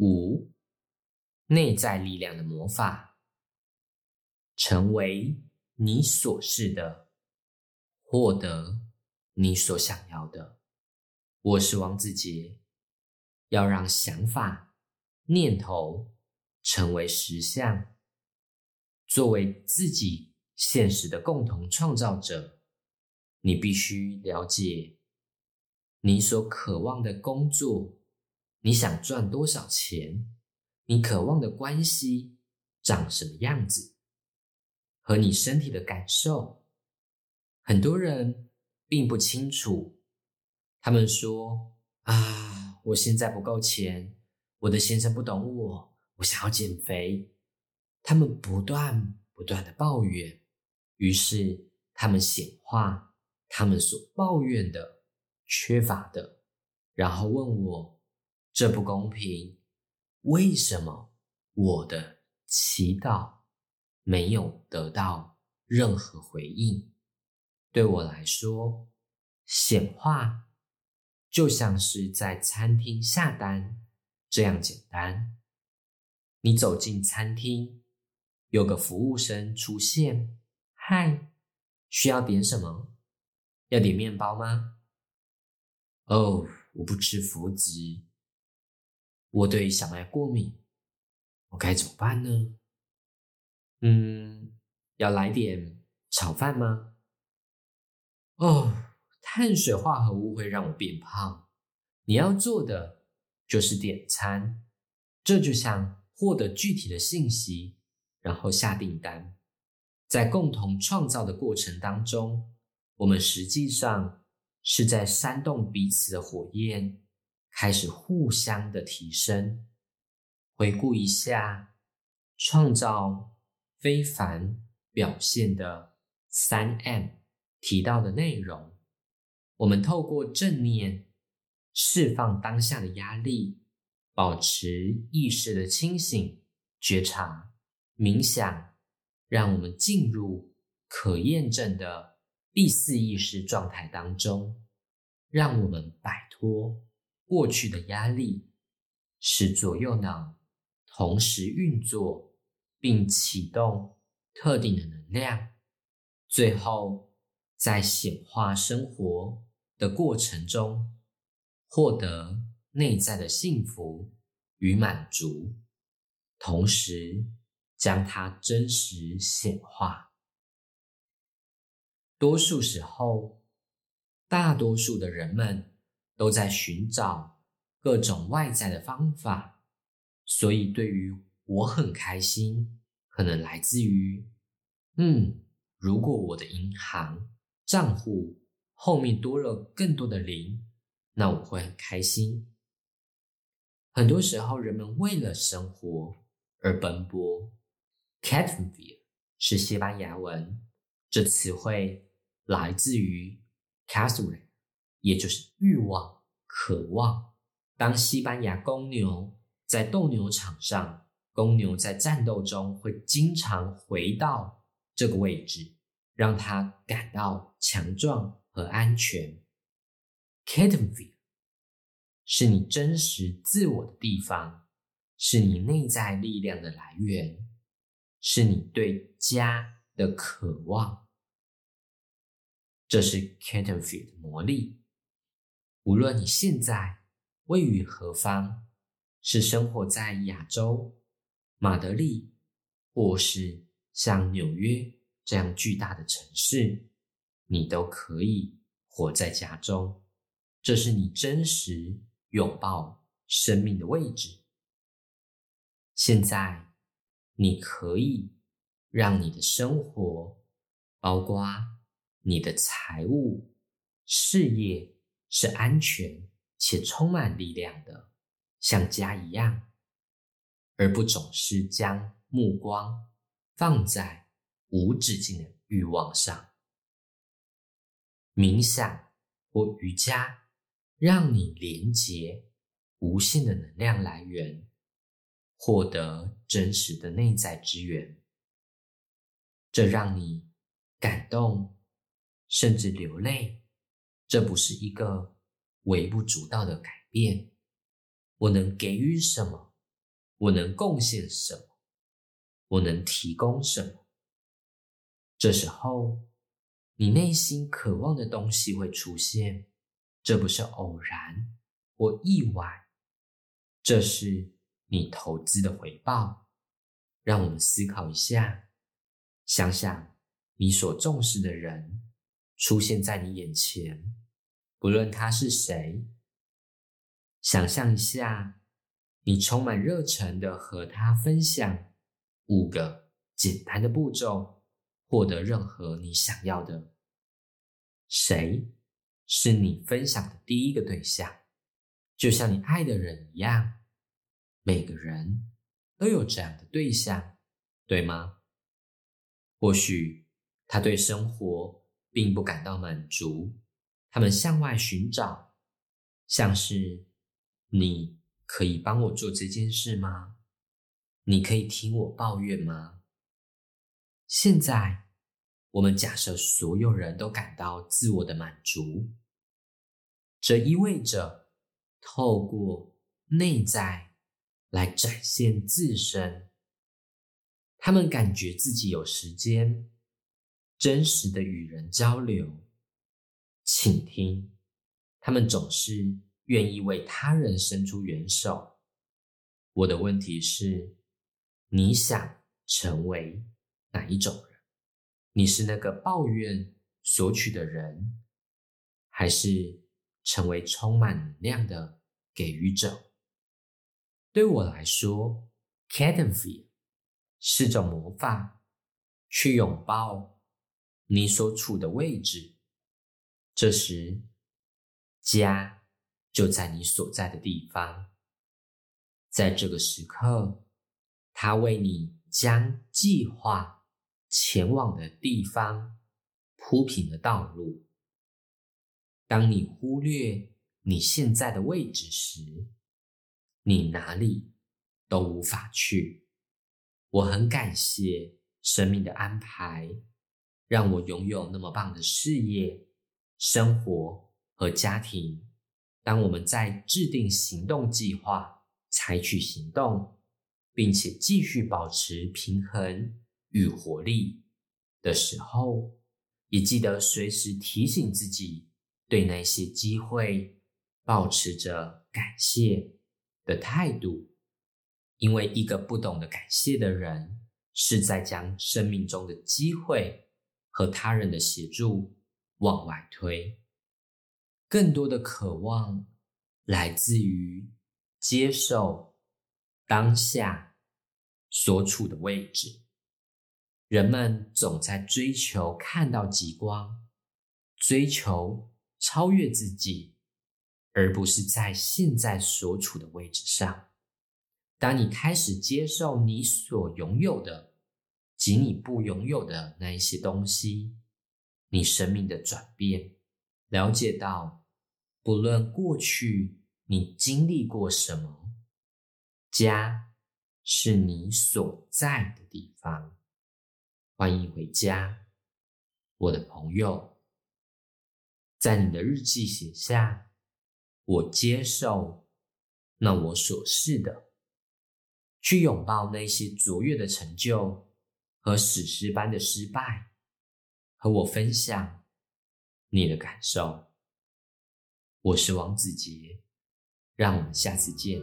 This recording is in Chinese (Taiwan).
五，內在力量的魔法，成為你所是的，獲得你所想要的。我是王子杰，要讓想法、念頭成為實相。作為自己現實的共同創造者，你必須了解你所渴望的工作。你想賺多少錢？你渴望的關係長什麼樣子？和你身體的感受，很多人並不清楚。他們說：“啊，我現在不夠錢，我的先生不懂我，我想要減肥。”他們不斷不斷的抱怨，於是他們顯化他們所抱怨的、缺乏的，然後問我，這不公平，為什麼我的祈禱沒有得到任何回應？對我來說，顯化就像是在餐廳下單這樣簡單。你走進餐廳，有個服務生出現：“嗨，需要點什麼？要點麵包嗎？”“哦、oh，我不吃麩質。”我對小麥過敏，我該怎麼辦呢？嗯，要來點炒飯嗎？哦，碳水化合物會讓我變胖。你要做的就是點餐，這就像獲得具體的信息，然後下訂單。在共同創造的過程當中，我們實際上是在煽動彼此的火焰。開始互相的提升。回顧一下創造非凡表現的三 M 提到的內容，我們透過正念釋放當下的壓力，保持意識的清醒覺察，冥想讓我們進入可驗證的第四意識狀態當中，讓我們擺脫。過去的壓力使左右腦同時運作，並啟動特定的能量，最後在顯化生活的過程中獲得內在的幸福與滿足，同時將它真實顯化。多數時候，大多數的人們。都在尋找各種外在的方法，所以對於我很開心，可能來自於，嗯，如果我的銀行賬戶後面多了更多的零，那我會很開心。很多時候，人們為了生活而奔波。Catalunya 是西班牙文，這詞彙來自於 Catalan。也就是欲望、渴望。當西班牙公牛在鬥牛場上，公牛在戰鬥中會經常回到這個位置，讓它感到強壯和安全。Catamphere 是你真實自我的地方，是你內在力量的來源，是你對家的渴望。這是 Catamphere 的魔力。無論你現在位於何方，是生活在亞洲馬德里，或是像紐約這樣巨大的城市，你都可以活在加州。這是你真實擁抱生命的位置。現在，你可以讓你的生活，包括你的財務、事業。是安全且充滿力量的，像家一樣，而不總是將目光放在無止境的欲望上。冥想或瑜伽，讓你連接無限的能量來源，獲得真實的內在資源。這讓你感動，甚至流淚。這不是一個微不足道的改變。我能給予什麼？我能貢獻什麼？我能提供什麼？這時候，你內心渴望的東西會出現。這不是偶然或意外，這是你投資的回報。讓我們思考一下，想想你所重視的人。出現在你眼前，不論他是誰。想象一下，你充滿熱忱地和他分享五個簡單的步驟，獲得任何你想要的。誰是你分享的第一個對象？就像你愛的人一樣，每個人都有這樣的對象，對嗎？或許他對生活。並不感到滿足，他們向外尋找，像是你可以幫我做這件事嗎？你可以聽我抱怨嗎？現在，我們假設所有人都感到自我的滿足，這意味着透過內在來展現自身，他們感覺自己有時間。真實的與人交流，請聽，他們總是願意為他人伸出援手。我的問題是，你想成為哪一種人？你是那個抱怨索取的人，還是成為充滿能量的給予者？對我來說，Catherine 是種魔法，去擁抱。你所處的位置，這時家就在你所在的地方。在這個時刻，它為你將計劃前往的地方鋪平了道路。當你忽略你現在的位置時，你哪裡都無法去。我很感謝生命的安排。讓我擁有那麼棒的事業、生活和家庭。當我們在制定行動計劃、採取行動，並且繼續保持平衡與活力的時候，也記得隨時提醒自己，對那些機會抱持着感謝的態度。因為一個不懂得感謝的人，是在將生命中的機會。和他人的協助往外推，更多的渴望來自於接受當下所處的位置。人們總在追求看到極光，追求超越自己，而不是在現在所處的位置上。當你開始接受你所擁有的，及你不擁有的那一些東西，你生命的轉變，了解到，不論過去你經歷過什麼，家是你所在的地方，歡迎回家，我的朋友。在你的日記寫下，我接受那我所是的，去擁抱那些卓越的成就。和史詩般的失敗，和我分享你的感受。我是王子杰，讓我們下次見。